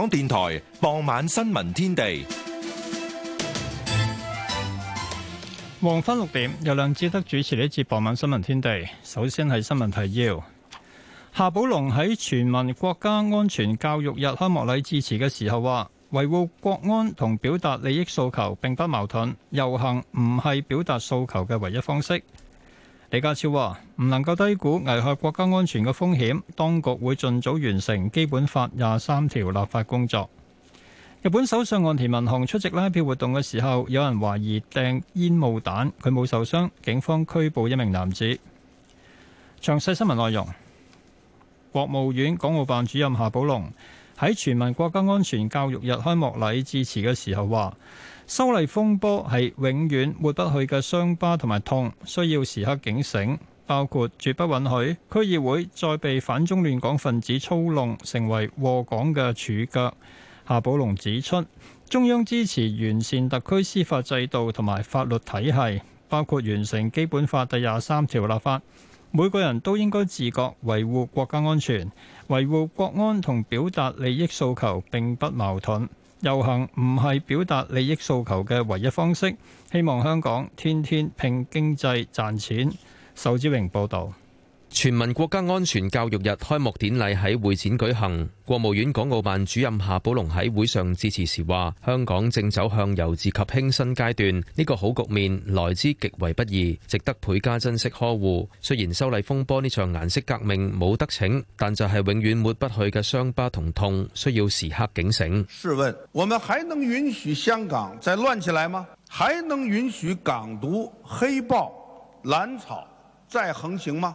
香港電台傍晚新聞天地，黃昏六點由梁志德主持呢節傍晚新聞天地。首先係新聞提要，夏寶龍喺全民國家安全教育日開幕禮致辭嘅時候話，維護國安同表達利益訴求並不矛盾，遊行唔係表達訴求嘅唯一方式。李家超話：唔能夠低估危害國家安全嘅風險，當局會盡早完成基本法廿三條立法工作。日本首相岸田文雄出席拉票活動嘅時候，有人懷疑掟煙霧彈，佢冇受傷，警方拘捕一名男子。詳細新聞內容，國務院港澳辦主任夏寶龍喺全民國家安全教育日開幕禮致辭嘅時候話。修例風波係永遠抹不去嘅傷疤同埋痛，需要時刻警醒，包括絕不允許區議會再被反中亂港分子操弄，成為禍港嘅處腳。夏寶龍指出，中央支持完善特區司法制度同埋法律體系，包括完成基本法第廿三條立法。每個人都應該自覺維護國家安全，維護國安同表達利益訴求並不矛盾。遊行唔係表達利益訴求嘅唯一方式，希望香港天天拼經濟賺錢，仇志榮報道。全民國家安全教育日開幕典禮喺會展舉行。國務院港澳辦主任夏寶龍喺會上致辭時話：香港正走向由治及興新階段，呢個好局面來之極為不易，值得倍加珍惜呵護。雖然修例風波呢場顏色革命冇得逞，但就係永遠抹不去嘅傷疤同痛，需要時刻警醒。試問，我們還能允許香港再亂起來嗎？還能允許港獨、黑暴、攬炒再橫行嗎？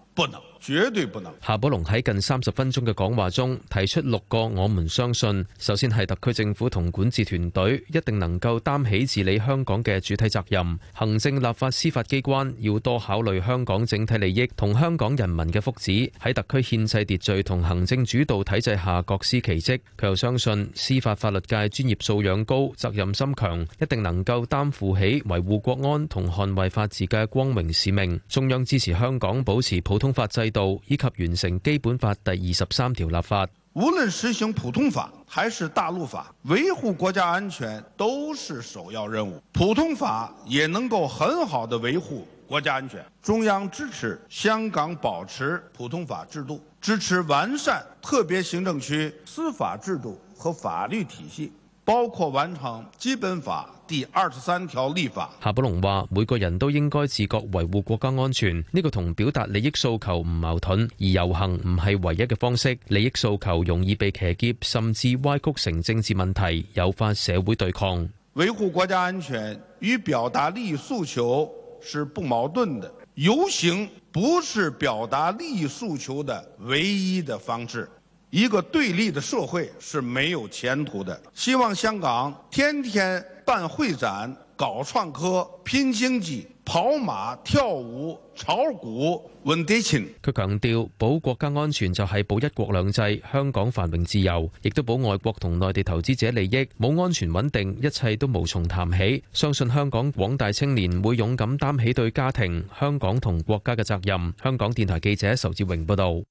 不能，絕對不能。夏寶龍喺近三十分鐘嘅講話中，提出六個我們相信。首先係特區政府同管治團隊一定能夠擔起治理香港嘅主體責任。行政、立法、司法機關要多考慮香港整體利益同香港人民嘅福祉。喺特區憲制秩序同行政主導體制下各司其職，佢又相信司法法律界專業素養高、責任心強，一定能夠擔負起維護國安同捍衛法治嘅光榮使命。中央支持香港保持普通法制度以及完成基本法第二十三條立法，無論實行普通法還是大陸法，維護國家安全都是首要任務。普通法也能夠很好的維護國家安全。中央支持香港保持普通法制度，支持完善特別行政區司法制度和法律體系。包括完成《基本法》第二十三條立法。夏寶龍話：每個人都應該自覺維護國家安全，呢個同表達利益訴求唔矛盾。而遊行唔係唯一嘅方式，利益訴求容易被騎劫，甚至歪曲成政治問題，誘發社會對抗。維護國家安全與表達利益訴求是不矛盾的，遊行不是表達利益訴求的唯一的方式。一個對立的社會是沒有前途的。希望香港天天辦會展、搞創科、拼經濟、跑馬、跳舞、炒股、穩地勤。佢強調，保國家安全就係保一國兩制、香港繁榮自由，亦都保外國同內地投資者利益。冇安全穩定，一切都無從談起。相信香港廣大青年會勇敢擔起對家庭、香港同國家嘅責任。香港電台記者仇志榮報導。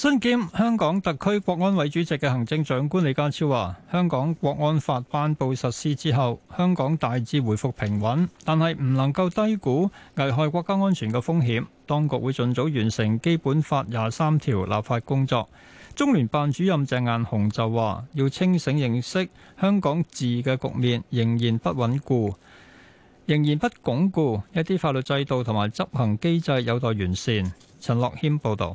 新身兼香港特區國安委主席嘅行政長官李家超話：香港國安法頒布實施之後，香港大致回復平穩，但係唔能夠低估危害國家安全嘅風險。當局會盡早完成基本法廿三條立法工作。中聯辦主任鄭雁雄就話：要清醒認識香港治嘅局面仍然不穩固，仍然不鞏固，一啲法律制度同埋執行機制有待完善。陳樂軒報導。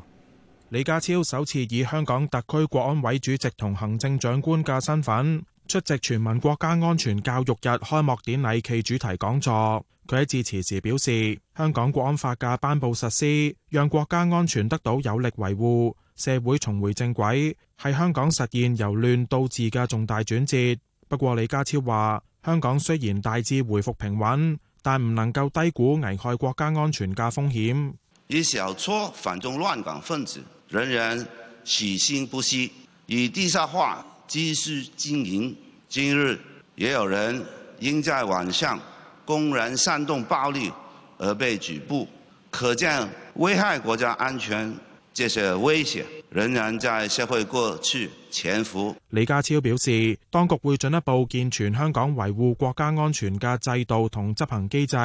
李家超首次以香港特區國安委主席同行政長官嘅身份出席全民國家安全教育日開幕典禮暨主題講座。佢喺致辭時表示，香港國安法嘅頒佈實施，讓國家安全得到有力維護，社會重回正軌，係香港實現由亂到治嘅重大轉折。不過，李家超話，香港雖然大致回復平穩，但唔能夠低估危害國家安全嘅風險。一小撮反中亂港分子。仍然起心不息，以地下化繼續經營。今日也有人因在網上公然煽動暴力而被舉報，可見危害國家安全這些威脅仍然在社會過去潛伏。李家超表示，當局會進一步健全香港維護國家安全嘅制度同執行機制，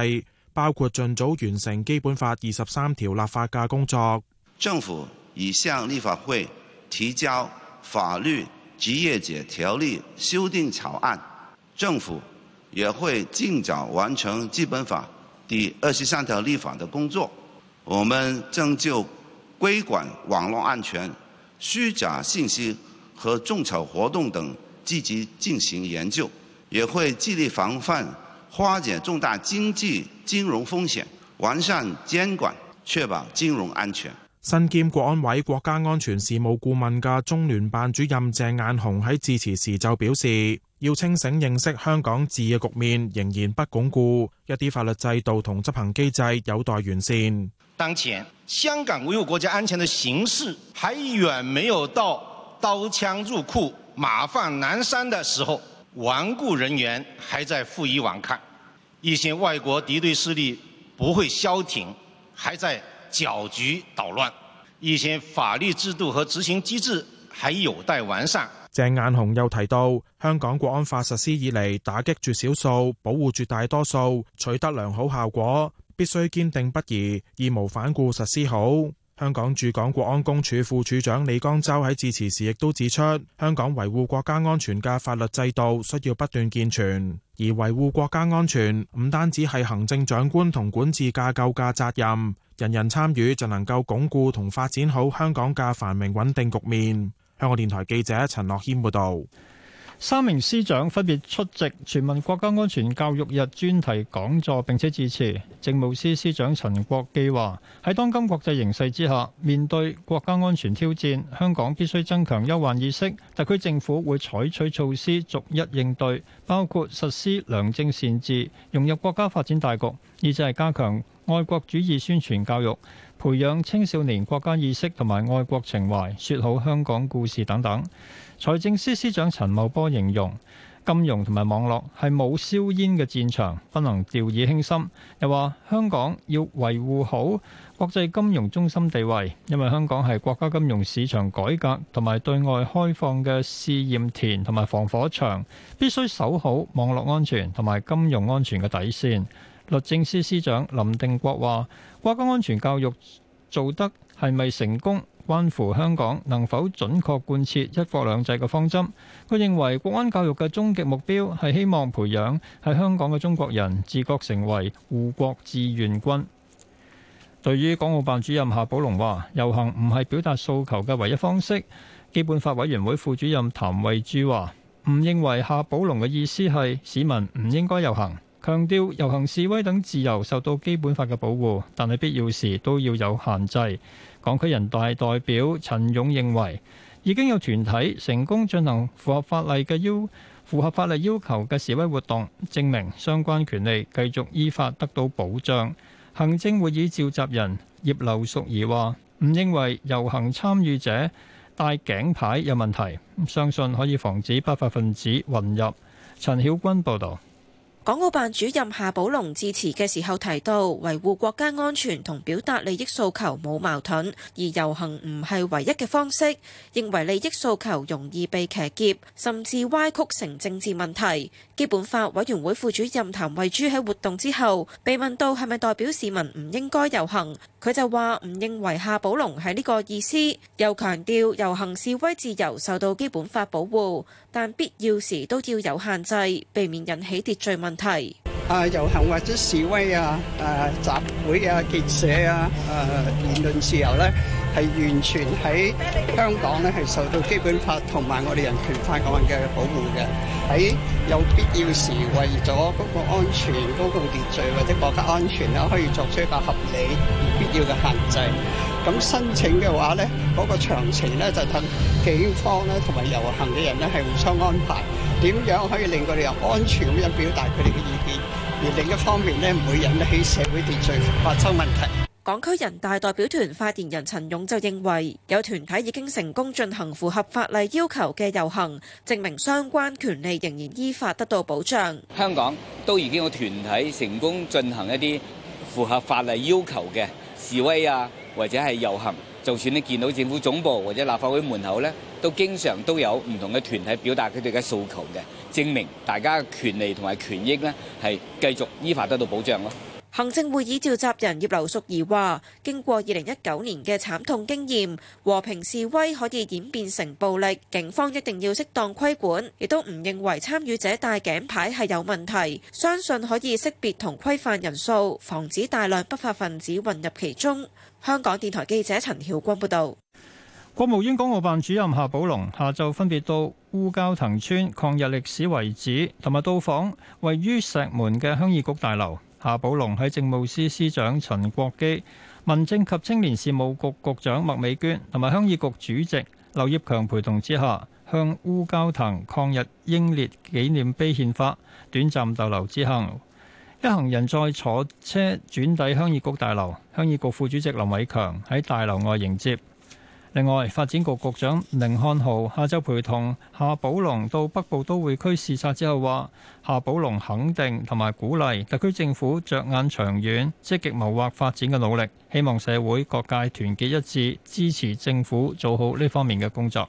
包括盡早完成基本法二十三條立法嘅工作。政府。已向立法會提交《法律執業者條例》修訂草案，政府也會盡早完成《基本法》第二十三條立法的工作。我們正就規管網絡安全、虛假信息和眾籌活動等積極進行研究，也會致力防範化解重大經濟金融風險，完善監管，確保金融安全。身兼國安委國家安全事務顧問嘅中聯辦主任鄭雁雄喺致辭時就表示，要清醒認識香港治嘅局面仍然不鞏固，一啲法律制度同執行機制有待完善。當前香港維護國家安全的形勢還遠沒有到刀槍入庫、馬放南山的時候，頑固人員還在負隅頑抗，一些外國敵對勢力不會消停，還在。攪局搗亂，一些法律制度和執行機制還有待完善。鄭雁雄又提到，香港國安法實施以來，打擊住少數，保護絕大多數，取得良好效果，必須堅定不移，義無反顧實施好。香港駐港國安公署副署長李江洲喺致辭時亦都指出，香港維護國家安全嘅法律制度需要不斷健全，而維護國家安全唔單止係行政長官同管治架構嘅責任，人人參與就能夠鞏固同發展好香港嘅繁榮穩定局面。香港電台記者陳樂謙報道。三名司長分別出席全民國家安全教育日專題講座，並且致辭。政務司司長陳國基話喺當今國際形勢之下，面對國家安全挑戰，香港必須增強憂患意識，特區政府會採取措施逐一應對，包括實施良政善治、融入國家發展大局，亦就係加強愛國主義宣傳教育，培養青少年國家意識同埋愛國情懷，說好香港故事等等。財政司司長陳茂波形容金融同埋網絡係冇硝煙嘅戰場，不能掉以輕心。又話香港要維護好國際金融中心地位，因為香港係國家金融市場改革同埋對外開放嘅試驗田同埋防火牆，必須守好網絡安全同埋金融安全嘅底線。律政司司長林定國話，國家安全教育做得係咪成功，關乎香港能否準確貫徹一國兩制嘅方針，佢認為國安教育嘅終極目標係希望培養喺香港嘅中國人自覺成為護國志願軍。對於港澳辦主任夏寶龍話遊行唔係表達訴求嘅唯一方式，基本法委員會副主任譚慧珠話唔認為夏寶龍嘅意思係市民唔應該遊行。強調遊行示威等自由受到基本法嘅保護，但係必要時都要有限制。港區人大代表陳勇認為，已經有團體成功進行符合法例嘅要……符合法例要求嘅示威活動，證明相關權利繼續依法得到保障。行政會議召集人葉劉淑儀話，唔認為遊行參與者戴頸牌有問題，相信可以防止不法分子混入。陳曉君報導。港澳辦主任夏寶龍致辭嘅時候提到，維護國家安全同表達利益訴求冇矛盾，而遊行唔係唯一嘅方式。認為利益訴求容易被騎劫，甚至歪曲成政治問題。基本法委員會副主任譚惠珠喺活動之後被問到係咪代表市民唔應該遊行，佢就話唔認為夏寶龍係呢個意思，又強調遊行示威自由受到基本法保護，但必要時都要有限制，避免引起秩序問問題啊！遊行或者示威啊、誒集會啊、結社啊、誒言論自由咧，係完全喺香港咧係受到基本法同埋我哋《人權法案》嘅保護嘅。喺有必要時，為咗公共安全、公共秩序或者國家安全啦，可以作出一個合理而必要嘅限制。咁申請嘅話呢，嗰個詳情呢，就等警方呢同埋遊行嘅人呢，係互相安排點樣可以令佢哋又安全咁樣表達佢哋嘅意見，而另一方面呢，唔會引起社會秩序發生問題。港區人大代表團發言人陳勇就認為，有團體已經成功進行符合法例要求嘅遊行，證明相關權利仍然依法得到保障。香港都已經有團體成功進行一啲符合法例要求嘅示威啊！或者係遊行，就算你見到政府總部或者立法會門口呢，都經常都有唔同嘅團體表達佢哋嘅訴求嘅，證明大家嘅權利同埋權益呢係繼續依法得到保障咯。行政會議召集人葉劉淑儀話，經過二零一九年嘅慘痛經驗，和平示威可以演變成暴力，警方一定要適當規管，亦都唔認為參與者戴頸牌係有問題。相信可以識別同規範人數，防止大量不法分子混入其中。香港電台記者陳曉光報道，國務院港澳辦主任夏寶龍下晝分別到烏蛟騰村抗日歷史遺址，同埋到訪位於石門嘅鄉議局大樓。夏寶龍喺政務司司長陳國基、民政及青年事務局局長麥美娟同埋鄉議局主席劉業強陪同之下，向烏蛟騰抗日英烈紀念碑獻花，短暫逗留之後。一行人再坐車轉抵鄉議局大樓，鄉議局副主席林偉強喺大樓外迎接。另外，發展局局長甯漢豪下晝陪同夏寶龍到北部都會區視察之後，話夏寶龍肯定同埋鼓勵特區政府着眼長遠，積極謀劃發展嘅努力，希望社會各界團結一致，支持政府做好呢方面嘅工作。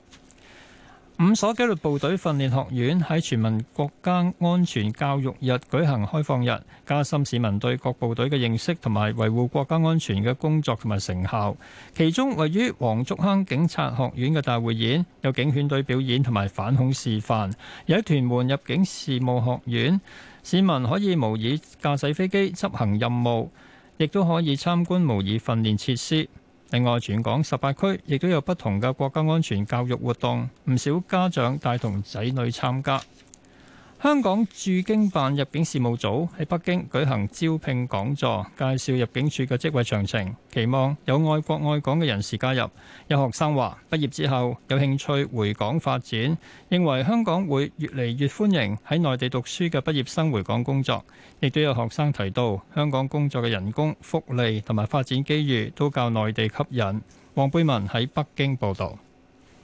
五所紀律部隊訓練學院喺全民國家安全教育日舉行開放日，加深市民對各部隊嘅認識同埋維護國家安全嘅工作同埋成效。其中位於黃竹坑警察學院嘅大會演有警犬隊表演同埋反恐示範；有一屯門入境事務學院，市民可以模擬駕駛飛機執行任務，亦都可以參觀模擬訓練設施。另外，全港十八區亦都有不同嘅國家安全教育活動，唔少家長帶同仔女參加。香港駐京辦入境事務組喺北京舉行招聘講座，介紹入境處嘅職位詳情，期望有愛國愛港嘅人士加入。有學生話畢業之後有興趣回港發展，認為香港會越嚟越歡迎喺內地讀書嘅畢業生回港工作。亦都有學生提到，香港工作嘅人工、福利同埋發展機遇都較內地吸引。黃貝文喺北京報道。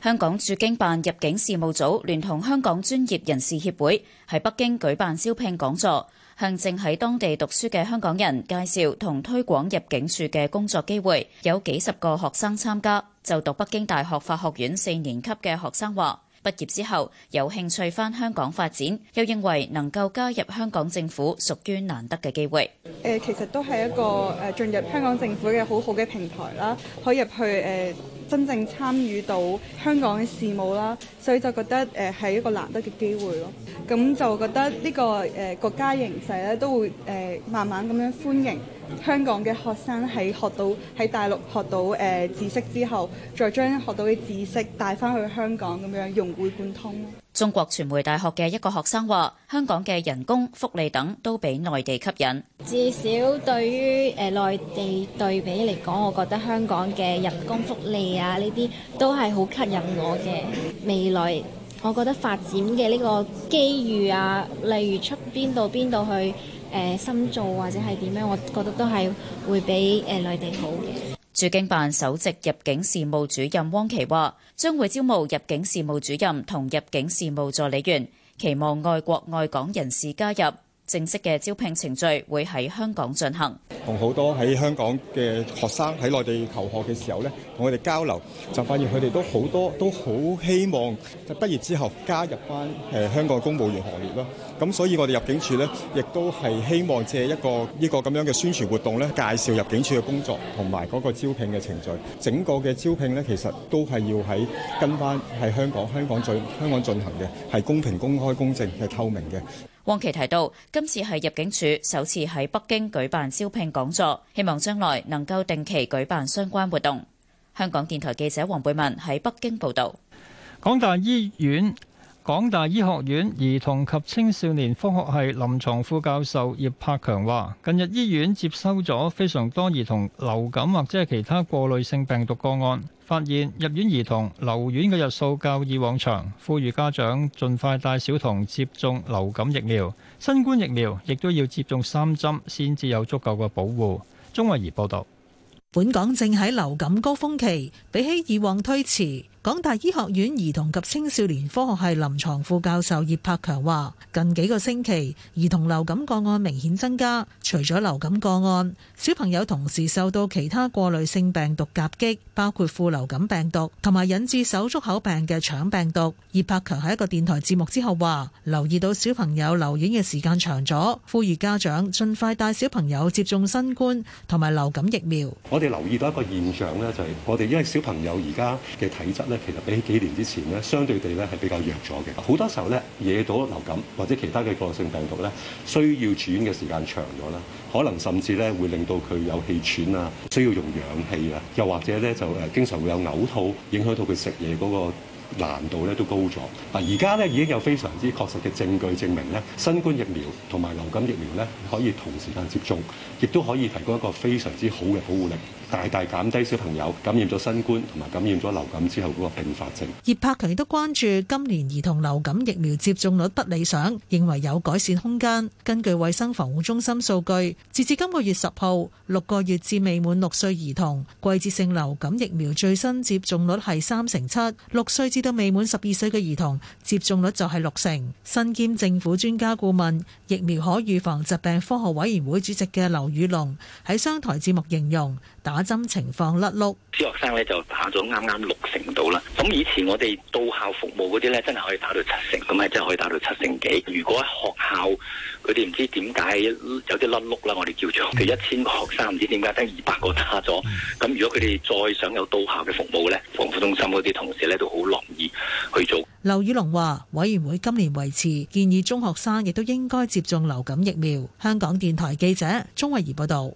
香港駐京辦入境事務組聯同香港專業人士協會喺北京舉辦招聘講座，向正喺當地讀書嘅香港人介紹同推廣入境處嘅工作機會，有幾十個學生參加。就讀北京大學法學院四年級嘅學生話。畢業之後有興趣翻香港發展，又認為能夠加入香港政府屬於難得嘅機會。誒，其實都係一個誒進入香港政府嘅好好嘅平台啦，可以入去誒真正參與到香港嘅事務啦，所以就覺得誒係一個難得嘅機會咯。咁就覺得呢個誒國家形勢咧都會誒慢慢咁樣歡迎。香港嘅學生喺學到喺大陸學到、呃、知識之後，再將學到嘅知識帶翻去香港咁樣融會貫通。中國傳媒大學嘅一個學生話：香港嘅人工、福利等都比內地吸引。至少對於誒、呃、內地對比嚟講，我覺得香港嘅人工、福利啊呢啲都係好吸引我嘅。未來我覺得發展嘅呢個機遇啊，例如出邊度邊度去。誒深造或者係點樣，我覺得都係會比誒內、呃、地好嘅。駐京辦首席入境事務主任汪琪話，將會招募入境事務主任同入境事務助理員，期望愛國愛港人士加入。正式嘅招聘程序會喺香港進行。同好多喺香港嘅學生喺內地求學嘅時候咧，同佢哋交流，就發現，佢哋都好多都好希望就畢業之後加入翻誒香港公務員行列咯。咁所以我哋入境處咧，亦都係希望借一個呢個咁樣嘅宣傳活動咧，介紹入境處嘅工作同埋嗰個招聘嘅程序。整個嘅招聘咧，其實都係要喺跟翻喺香港香港進香港進行嘅，係公平、公開、公正，係透明嘅。汪琪提到，今次係入境處首次喺北京舉辦招聘講座，希望將來能夠定期舉辦相關活動。香港電台記者黃貝文喺北京報道。港大醫院。港大醫學院兒童及青少年科學系臨床副教授葉柏強話，近日醫院接收咗非常多兒童流感或者係其他過濾性病毒個案，發現入院兒童留院嘅日數較以往長，呼籲家長盡快帶小童接種流感疫苗、新冠疫苗，亦都要接種三針先至有足夠嘅保護。鍾慧儀報道。本港正喺流感高峰期，比起以往推遲。港大醫學院兒童及青少年科學系臨床副教授葉柏強話，近幾個星期兒童流感個案明顯增加，除咗流感個案，小朋友同時受到其他過濾性病毒夾擊，包括副流感病毒同埋引致手足口病嘅腸病毒。葉柏強喺一個電台節目之後話，留意到小朋友留院嘅時間長咗，呼籲家長盡快帶小朋友接種新冠同埋流感疫苗。我哋留意到一個現象咧，就係我哋因為小朋友而家嘅體質咧。其實比起幾年之前咧，相對地咧係比較弱咗嘅。好多時候咧，惹到流感或者其他嘅個性病毒咧，需要住院嘅時間長咗啦，可能甚至咧會令到佢有氣喘啊，需要用氧氣啊，又或者咧就誒經常會有嘔吐，影響到佢食嘢嗰個難度咧都高咗。啊，而家咧已經有非常之確實嘅證據證明咧，新冠疫苗同埋流感疫苗咧可以同時間接種，亦都可以提供一個非常之好嘅保護力。大大減低小朋友感染咗新冠同埋感染咗流感之後嗰個併發症。葉柏強亦都關注今年兒童流感疫苗接種率不理想，認為有改善空間。根據衛生防護中心數據，截至今個月十號，六個月至未滿六歲兒童季節性流感疫苗最新接種率係三成七，六歲至到未滿十二歲嘅兒童接種率就係六成。身兼政府專家顧問、疫苗可預防疾病科學委員會主席嘅劉宇龍喺商台節目形容。打針情況甩碌，中學生咧就打咗啱啱六成度啦。咁以前我哋到校服務嗰啲咧，真係可以打到七成，咁係真係可以打到七成幾。如果喺學校，佢哋唔知點解有啲甩碌啦，我哋叫做，佢一千個學生唔知點解得二百個打咗。咁如果佢哋再想有到校嘅服務咧，防護中心嗰啲同事咧都好樂意去做。劉宇龍話，委員會今年維持建議中學生亦都應該接種流感疫苗。香港電台記者鍾慧儀報道。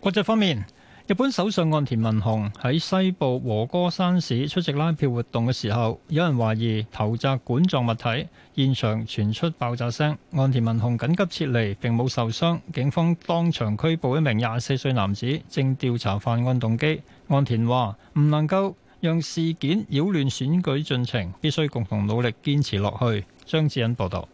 國際方面。日本首相岸田文雄喺西部和歌山市出席拉票活動嘅時候，有人懷疑投擲管狀物體，現場傳出爆炸聲。岸田文雄緊急撤離，並冇受傷。警方當場拘捕一名廿四歲男子，正調查犯案動機。岸田話唔能夠讓事件擾亂選舉進程，必須共同努力堅持落去。張志恩報道。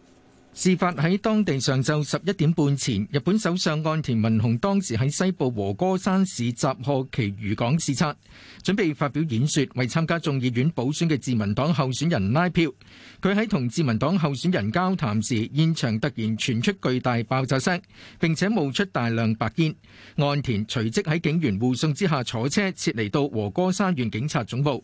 事發喺當地上晝十一點半前，日本首相岸田文雄當時喺西部和歌山市集賀崎漁港視察，準備發表演說，為參加眾議院補選嘅自民黨候選人拉票。佢喺同自民黨候選人交談時，現場突然傳出巨大爆炸聲，並且冒出大量白煙。岸田隨即喺警員護送之下，坐車撤離到和歌山縣警察總部。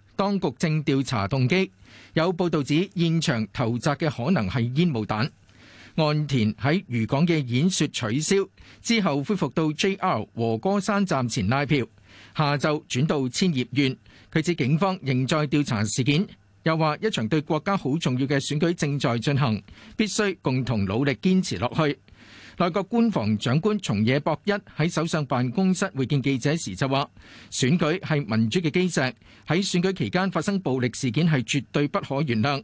當局正調查動機，有報道指現場投擲嘅可能係煙霧彈。岸田喺漁港嘅演說取消之後，恢復到 JR 和歌山站前拉票，下晝轉到千葉縣。佢指警方仍在調查事件，又話一場對國家好重要嘅選舉正在進行，必須共同努力堅持落去。內閣官房長官松野博一喺首相辦公室會見記者時就話：選舉係民主嘅基石，喺選舉期間發生暴力事件係絕對不可原諒。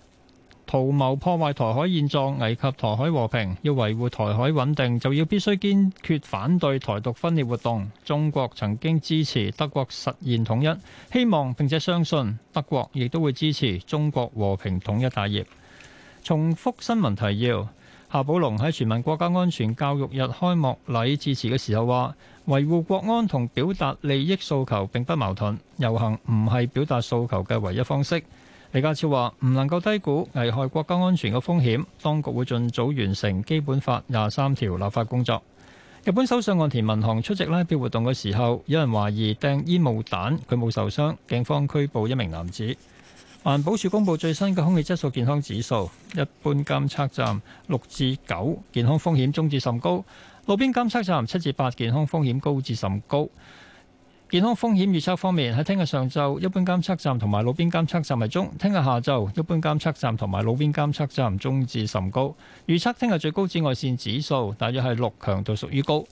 圖謀破壞台海現狀，危及台海和平。要維護台海穩定，就要必須堅決反對台獨分裂活動。中國曾經支持德國實現統一，希望並且相信德國亦都會支持中國和平統一大業。重複新聞提要：夏寶龍喺全民國家安全教育日開幕禮致辭嘅時候話，維護國安同表達利益訴求並不矛盾。遊行唔係表達訴求嘅唯一方式。李家超話：唔能夠低估危害國家安全嘅風險，當局會盡早完成《基本法》廿三條立法工作。日本首相岸田文雄出席拉票活動嘅時候，有人懷疑掟煙霧彈，佢冇受傷，警方拘捕一名男子。環保署公布最新嘅空氣質素健康指數，一般監測站六至九，健康風險中至甚高；路邊監測站七至八，健康風險高至甚高。健康風險預測方面，喺聽日上晝，一般監測站同埋路邊監測站係中；聽日下晝，一般監測站同埋路邊監測站中至甚高。預測聽日最高紫外綫指數大約係六強度，屬於高。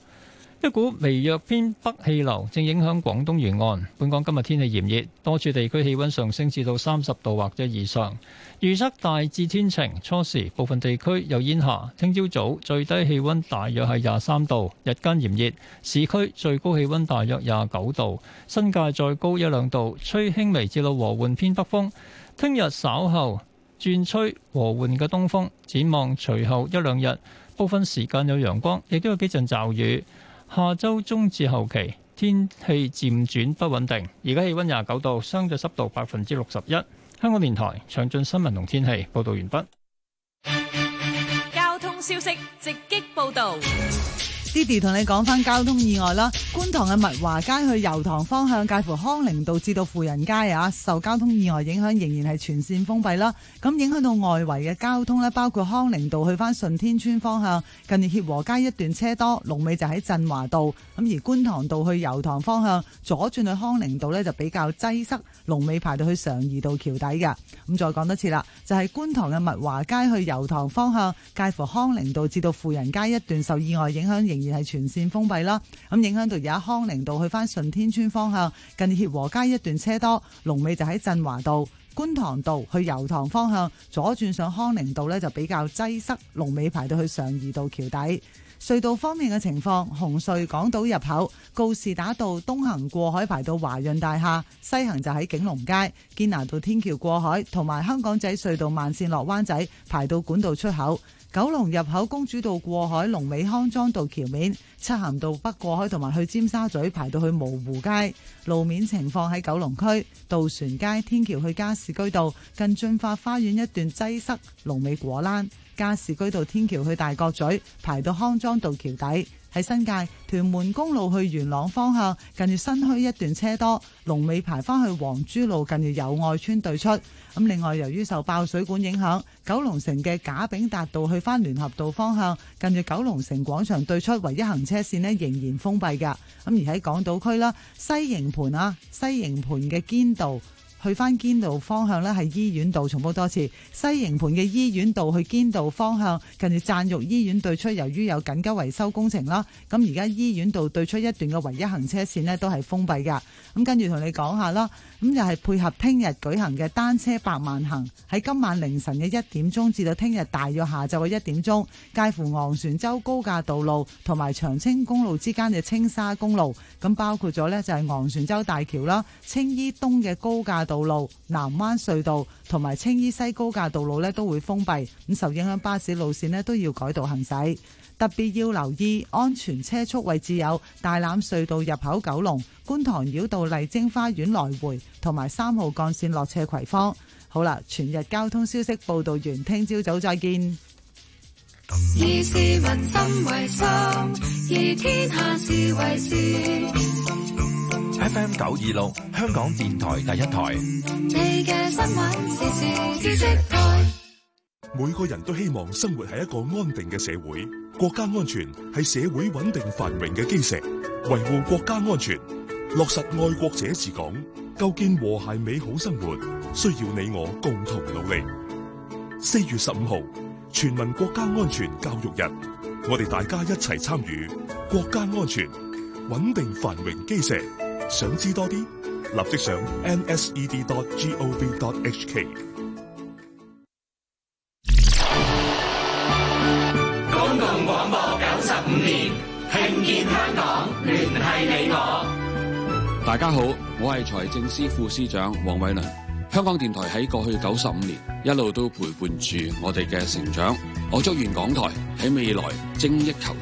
一股微弱偏北氣流正影響廣東沿岸，本港今日天氣炎熱，多處地區氣溫上升至到三十度或者以上。預測大致天晴，初時部分地區有煙霞。聽朝早最低氣溫大約係廿三度，日間炎熱，市區最高氣溫大約廿九度，新界再高一兩度，吹輕微至到和緩偏北風。聽日稍後轉吹和緩嘅東風，展望隨後一兩日部分時間有陽光，亦都有幾陣驟雨。下周中至後期天氣漸轉不穩定，而家氣溫廿九度，相對濕度百分之六十一。香港電台詳盡新聞同天氣報道完畢。交通消息直擊報道。Didi 同你講翻交通意外啦，觀塘嘅物華街去油塘方向介乎康寧道至到富人街啊，受交通意外影響仍然係全線封閉啦。咁影響到外圍嘅交通呢，包括康寧道去翻順天村方向，近年協和街一段車多，龍尾就喺振華道。咁而觀塘道去油塘方向左轉去康寧道呢，就比較擠塞，龍尾排到去常怡道橋底嘅。咁再講多次啦，就係、是、觀塘嘅物華街去油塘方向介乎康寧道至到富人街一段受意外影響影響。而係全線封閉啦，咁影響到而家康寧道去翻順天村方向，近協和街一段車多，龍尾就喺振華道。觀塘道去油塘方向左轉上康寧道呢，就比較擠塞，龍尾排到去上二道橋底。隧道方面嘅情況，紅隧港島入口告士打道東行過海排到華潤大廈，西行就喺景隆街堅拿道天橋過海，同埋香港仔隧道慢線落灣仔排到管道出口。九龍入口公主道過海，龍尾康莊道橋面，出行到北過海同埋去尖沙咀排到去蕪湖街。路面情況喺九龍區渡船街天橋去加士居道近駿發花園一段擠塞，龍尾果欄。加士居道天橋去大角咀排到康莊道橋底。喺新界屯門公路去元朗方向，近住新墟一段車多，龍尾排返去黃珠路近住友愛村對出。咁另外，由於受爆水管影響，九龍城嘅賈炳達道去返聯合道方向，近住九龍城廣場對出唯一行車線呢仍然封閉噶。咁而喺港島區啦，西營盤啊，西營盤嘅堅道。去翻堅道方向呢，係醫院道重複多次。西營盤嘅醫院道去堅道方向，近住贊育醫院對出，由於有緊急維修工程啦，咁而家醫院道對出一段嘅唯一行車線呢，都係封閉噶。咁跟住同你講下啦。咁又係配合聽日舉行嘅單車百萬行，喺今晚凌晨嘅一點鐘至到聽日大約下晝嘅一點鐘，介乎昂船洲高架道路同埋長青公路之間嘅青沙公路，咁包括咗呢就係昂船洲大橋啦、青衣東嘅高架道路、南灣隧道同埋青衣西高架道路呢都會封閉，咁受影響巴士路線呢都要改道行駛。特別要留意安全車速位置有大欖隧道入口九龍、九龍觀塘繞道麗晶花園來回，同埋三號幹線落斜葵芳。好啦，全日交通消息報道完，聽朝早再見。以市民心為心，以天下事為事。FM 九二六，香港電台第一台。你嘅新聞，時事知識台。每個人都希望生活喺一個安定嘅社會，國家安全係社會穩定繁榮嘅基石。維護國家安全，落實愛國者治港，構建和諧美好生活，需要你我共同努力。四月十五號，全民國家安全教育日，我哋大家一齊參與國家安全、穩定繁榮基石。想知多啲，立即上 nsed.gov.hk 建香港，聯繫你我。大家好，我係財政司副司長黃偉倫。香港電台喺過去九十五年一路都陪伴住我哋嘅成長。我祝願港台喺未來精益求精。